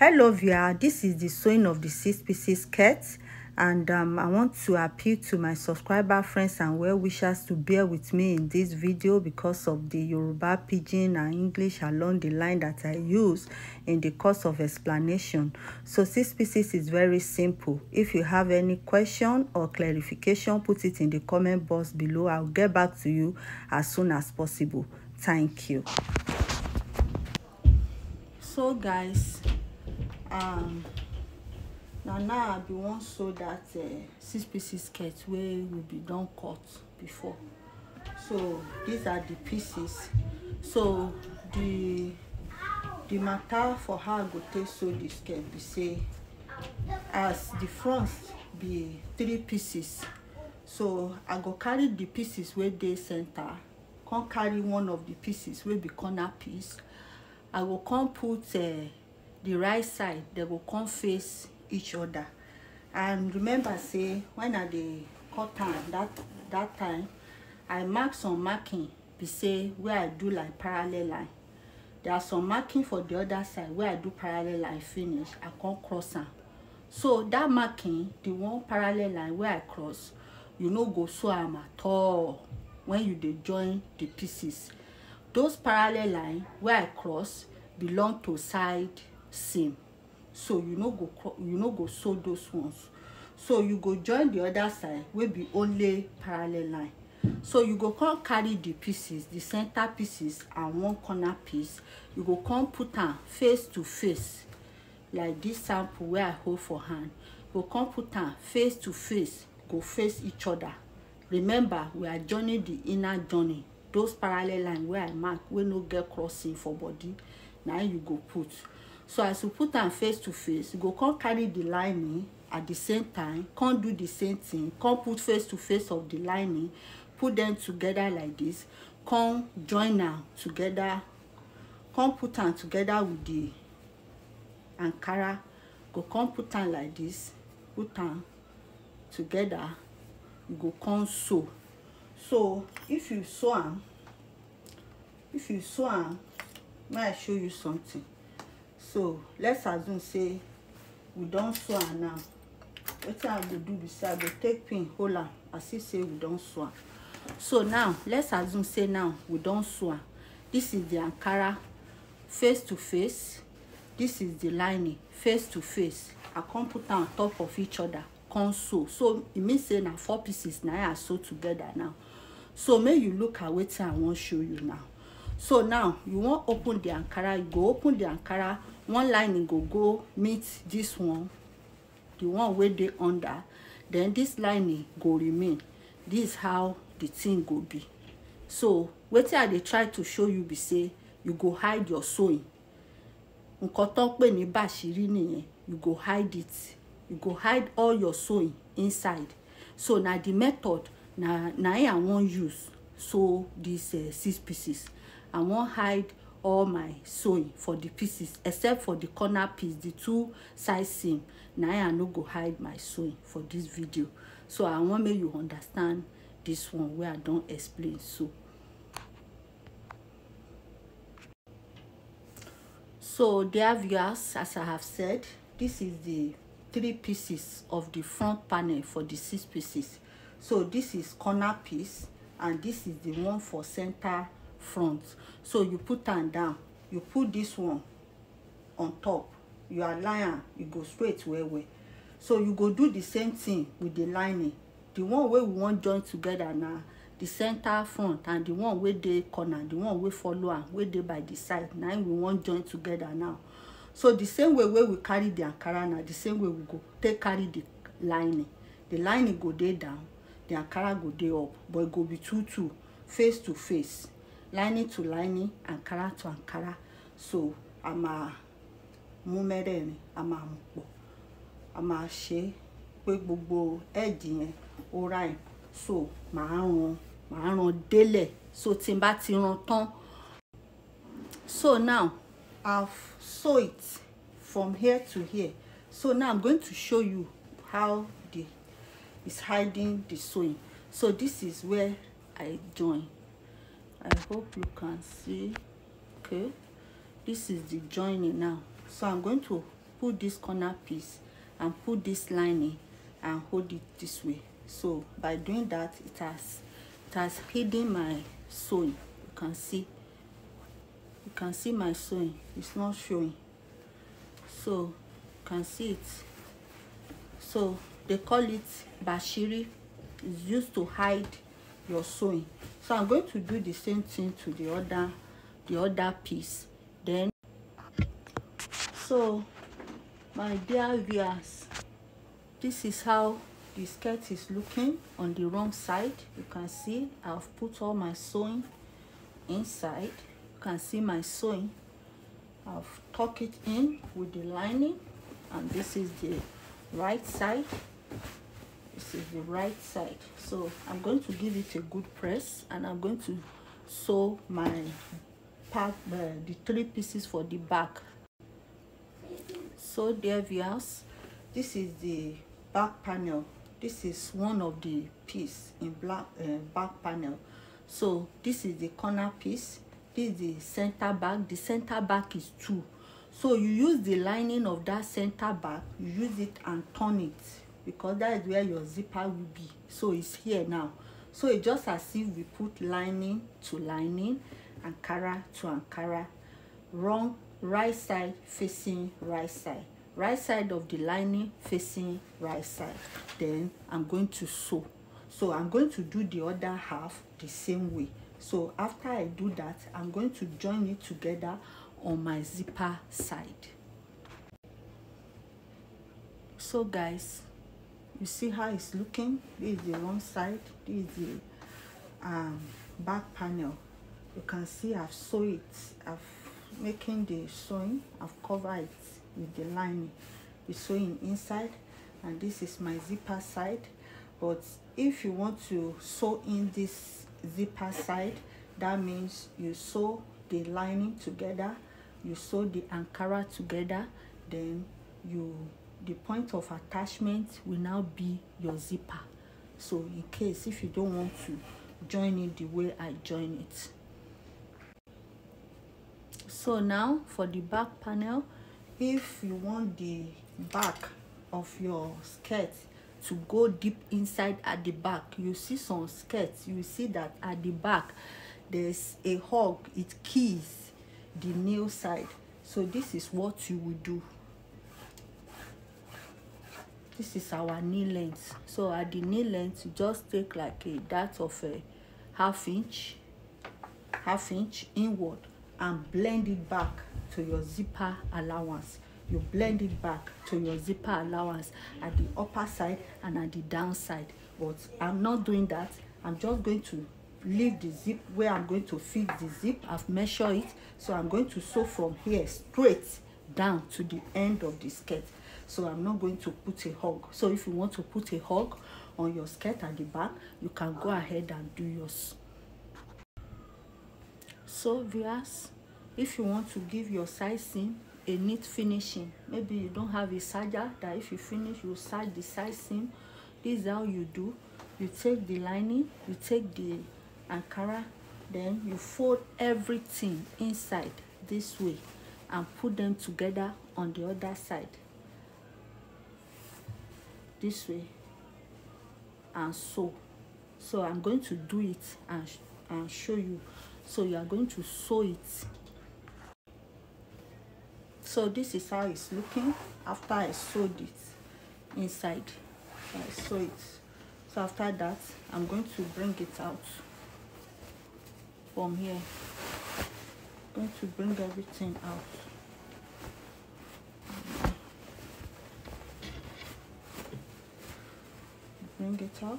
hello via this is the sewing of the six pieces skirt and um, i want to appeal to my subscriber friends and well wishers to bear with me in this video because of the yoruba pidgin and english along the line that i use in the course of explanation so six pieces is very simple if you have any question or clarification put it in the comment box below i'll get back to you as soon as possible thank you so guys um, na now i be wan sew that uh, six pieces skirt wey we bin don cut before so these are the pieces so the the matter for how i go take sew the skirt be say as the front be three pieces so i go carry the pieces wey dey center come carry one of the pieces wey be corner piece i go come put uh, the right side they will come face each other and remember say when i the cut time that that time i mark some marking be say where i do like parallel line there are some marking for the other side where i do parallel line finish i come cross am so that marking the one parallel line where i cross you know go so I'm at all when you dey join the pieces those parallel line where i cross belong to side same so you no go you no go sew those ones so you go join the other side wey be only parallel line so you go come carry the pieces the center pieces and one corner piece you go come put am face to face like this sample wey i hold for hand you go come put am face to face go face each other remember we are joining the inner joining. those parallel line wey i mark wey no get crossing for body na you go put so as you put am face to face you go come carry the lining eh, at the same time come do the same thing come put face to face of the lining eh, put them together like this come join am together come put am together with the ankara go come put am like this put am together you go come sew so if you sew am if you sew am may i show you something so let's assume say we don sew am now wetin i go do be say i go take pin hold am as if say we don sew am so now let's assume say now we don sew am this is the ankara face to face this is the lining face to face i come put am on top of each other come sew so e mean say na four pieces na i sew together now so make you look at wetin i wan show you now so now you wan open the ankara you go open the ankara one lining go go meet this one the one wey dey under then this lining go remain this how the thing go be so wetin i dey try to show you be say you go hide your sewing nǹkan tó ń pè ní bàṣírí nìyẹn you go hide it you go hide all your sewing inside so na the method na na e i wan use sew these uh, six pieces i wan hide all my sewing for the pieces except for the corner piece the two side seam na i no go hide my sewing for this video so i want make you understand this one wey i don explain so so dear viewers as i have said this is the three pieces of the front panel for the six pieces so this is corner piece and this is the one for center front so you put am down you put this one on top you align am e go straight where way. so you go do the same thing with the lining the one way we want join together now, the center front and the one way the corner the one way follow am wey dey by the side Now we want join together now so the same way where we carry the ankara now the same way we go take carry the lining the lining go day down the ankara go day up but e go be two two face to face lining to lining ankara to ankara so a máa mú mẹ́rẹ̀ẹ̀rin a máa mú pọ̀ a máa ṣe pé gbogbo ẹ̀jì yẹn ó ráì so màá ran màá ran délẹ̀ so tí n bá ti ran tán so now I've sew it from here to here so now I'm going to show you how the is hiding the sewing so this is where I join i hope you can see okay this is the joining now so i'm going to put this corner piece and put this lining and hold it this way so by doing that it has it has hidden my sewing you can see you can see my sewing it's not showing so you can see it so they call it bashiri it's used to hide your sewing so i'm going to do the same thing to the other the other piece then so my dear viewers this is how the skirt is looking on the wrong side you can see i've put all my sewing inside you can see my sewing i've tucked it in with the lining and this is the right side this is the right side so i'm going to give it a good press and i'm going to sew my part uh, the three pieces for the back so there viewers this is the back panel this is one of the piece in black uh, back panel so this is the corner piece this is the center back the center back is two so you use the lining of that center back you use it and turn it because that is where your zipper will be so it's here now so it just as if we put lining to lining ankara to ankara wrong right side facing right side right side of the lining facing right side then i'm going to sew so i'm going to do the other half the same way so after i do that i'm going to join it together on my zipper side so guys you see how it's looking this is the wrong side this is the um, back panel you can see I've sewed it I've making the sewing I've covered it with the lining the sewing inside and this is my zipper side but if you want to sew in this zipper side that means you sew the lining together you sew the ankara together then you the point of attachment will now be your zipper so in case if you don't want to join it the way I join it so now for the back panel if you want the back of your skirt to go deep inside at the back you see some skirts you see that at the back there's a hug it keys the nail side so this is what you will do this is our knee length so at the knee length you just take like a dart of a uh, half inch half inch inward and blend it back to your zipper allowance you blend it back to your zipper allowance at the upper side and at the downside but i'm not doing that i'm just going to leave the zip where i'm going to fit the zip i've measured it so i'm going to sew from here straight down to the end of the skirt so i'm not going to put a hug so if you want to put a hug on your skirt at the back you can go ahead and do yours so viewers if you want to give your sizing a neat finishing maybe you don't have a serger that if you finish you serge the seam, this is how you do you take the lining you take the ankara then you fold everything inside this way and put them together on the other side this way and sew so i'm going to do it and, sh and show you so you are going to sew it so this is how it's looking after i sewed it inside i sew it so after that i'm going to bring it out from here I'm going to bring everything out bring it off.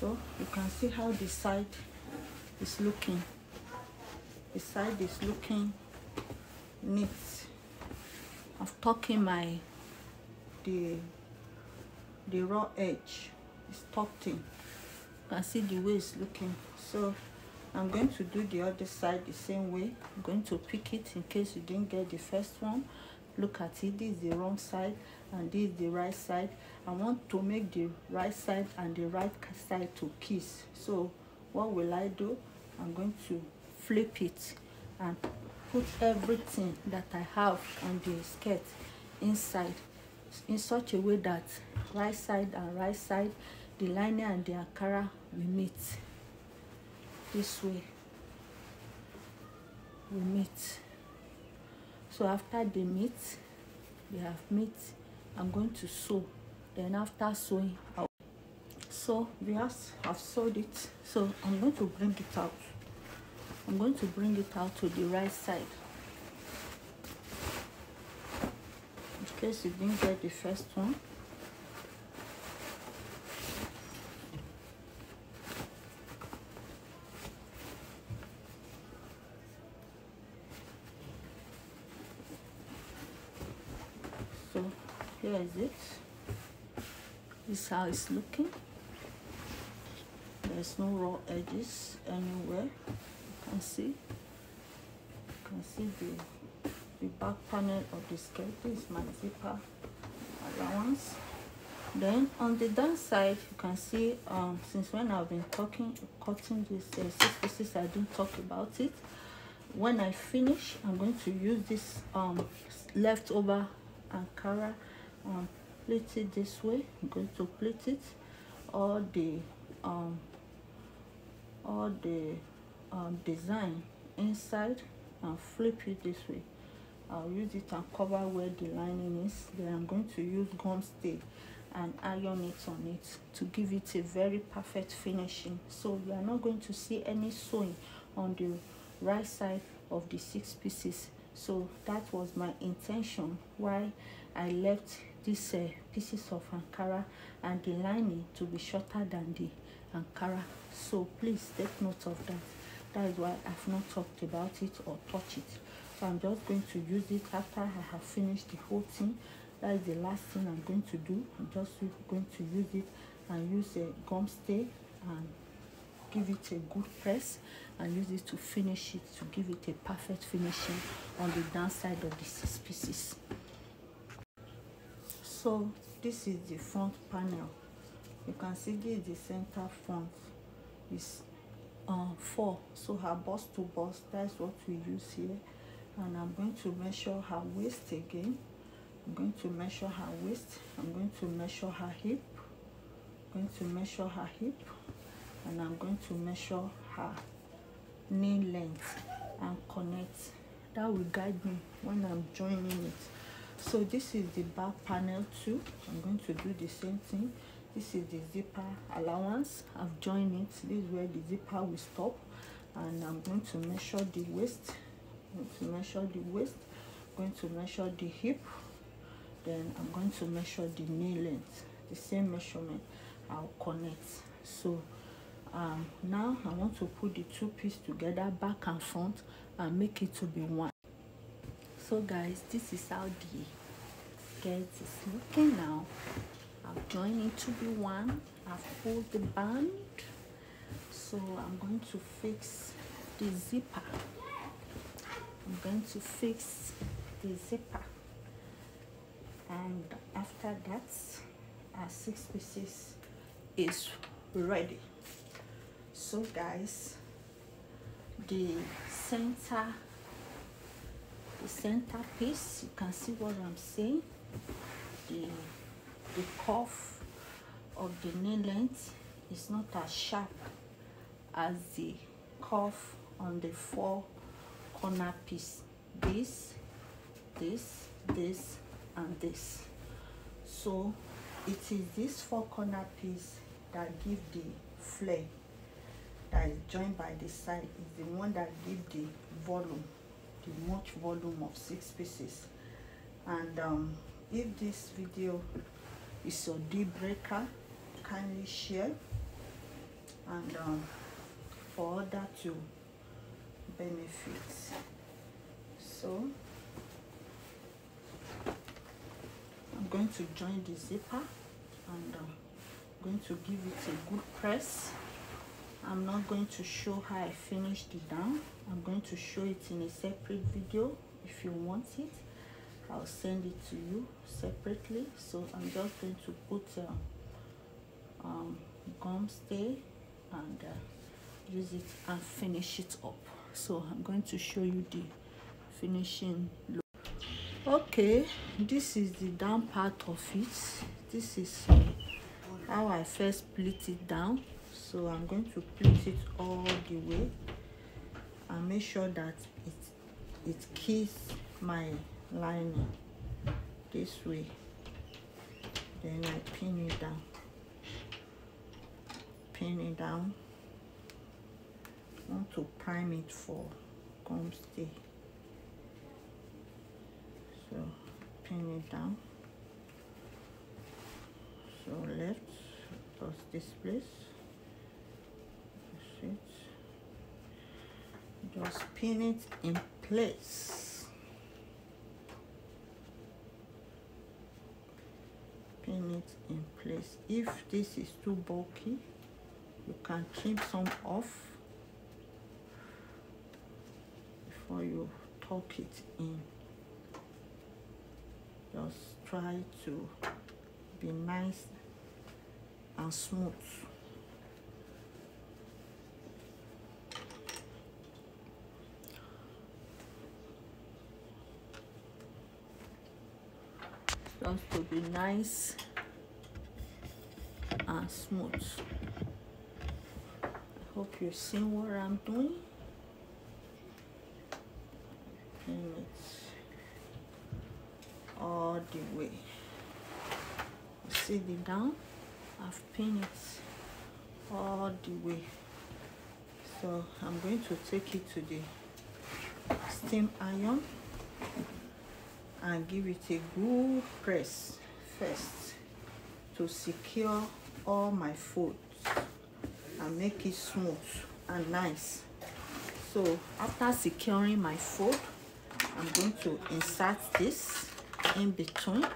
so you can see how the side is looking the side is looking neat I've tucking my the the raw edge is tucked in you can see the way it's looking so I'm going to do the other side the same way I'm going to pick it in case you didn't get the first one look at it this is the wrong side and this is the right side I want to make the right side and the right side to kiss so what will I do I'm going to flip it and put everything that I have on the skirt inside in such a way that right side and right side the lining and the akara will meet this way we meet so after the meet we have meet i'm going to sew then after sewing I'll so have have sewed it so i'm going to bring it out i'm going to bring it out to the right side in case you didn't get the first one is how it's looking there's no raw edges anywhere you can see you can see the the back panel of the skirt is my zipper allowance then on the downside you can see um since when i've been talking cutting this uh, six pieces i didn't talk about it when i finish i'm going to use this um leftover ankara um plait it this way I'm going to plait it all the um, all the um, design inside and flip it this way I'll use it and cover where the lining is then I'm going to use gum stay and iron it on it to give it a very perfect finishing so you are not going to see any sewing on the right side of the six pieces so that was my intention why I left these uh, pieces of ankara and the lining to be shorter than the ankara so please take note of that that is why i've not talked about it or touched it so i'm just going to use it after i have finished the whole thing that is the last thing i'm going to do i'm just going to use it and use a gum stay and give it a good press and use it to finish it to give it a perfect finishing on the downside of the six pieces so this is the front panel you can see this the center front is um, uh, four so her bust to bust that's what we use here and i'm going to measure her waist again i'm going to measure her waist i'm going to measure her hip i'm going to measure her hip and i'm going to measure her knee length and connect that will guide me when i'm joining it so this is the back panel too i'm going to do the same thing this is the zipper allowance i've joined it this is where the zipper will stop and i'm going to measure the waist I'm going to measure the waist I'm going to measure the hip then i'm going to measure the knee length the same measurement i'll connect so um, now i want to put the two pieces together back and front and make it to be one so guys this is how the skirt is looking now i've joined it to be one i've pulled the band so i'm going to fix the zipper i'm going to fix the zipper and after that our six pieces is ready so guys the center the center piece you can see what i'm saying the the curve of the nail length is not as sharp as the cuff on the four corner piece this this this and this so it is this four corner piece that give the flare that is joined by the side is the one that give the volume the much volume of six pieces and um, if this video is a deal breaker kindly share and um, for other to benefit so I'm going to join the zipper and um, I'm uh, going to give it a good press I'm not going to show how I finished it down. I'm going to show it in a separate video. If you want it, I'll send it to you separately. So I'm just going to put uh, um, gum stay and uh, use it and finish it up. So I'm going to show you the finishing look. Okay, this is the down part of it. This is uh, how I first split it down so i'm going to pleat it all the way and make sure that it it keeps my lining this way then i pin it down pin it down I want to prime it for comb stay so pin it down so left post this place it just pin it in place pin it in place if this is too bulky you can trim some off before you tuck it in just try to be nice and smooth want to be nice and smooth I hope you see what I'm doing and it's all the way see the down I've pinned it all the way so I'm going to take it to the steam iron and give it a good press first to secure all my folds and make it smooth and nice so after securing my fold i'm going to insert this in between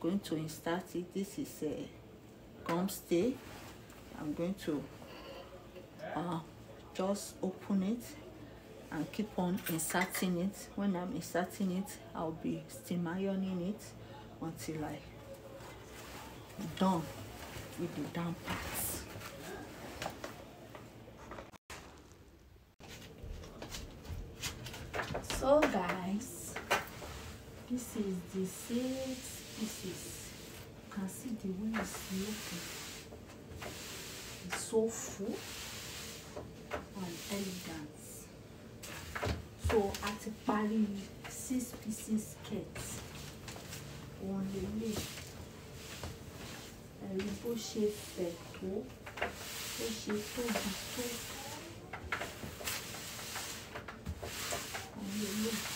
going to insert it this is a gum stay i'm going to uh, just open it and keep on inserting it when i'm inserting it i'll be steam ironing it until i done with the down parts so guys this is the six pieces you can see the way it's looking it's so full and elegant so a ti parí six pieces skirt òun lélẹ̀ ẹ̀rí bó ṣe fẹ̀ tó bó ṣe tóbi tó òun lélẹ̀.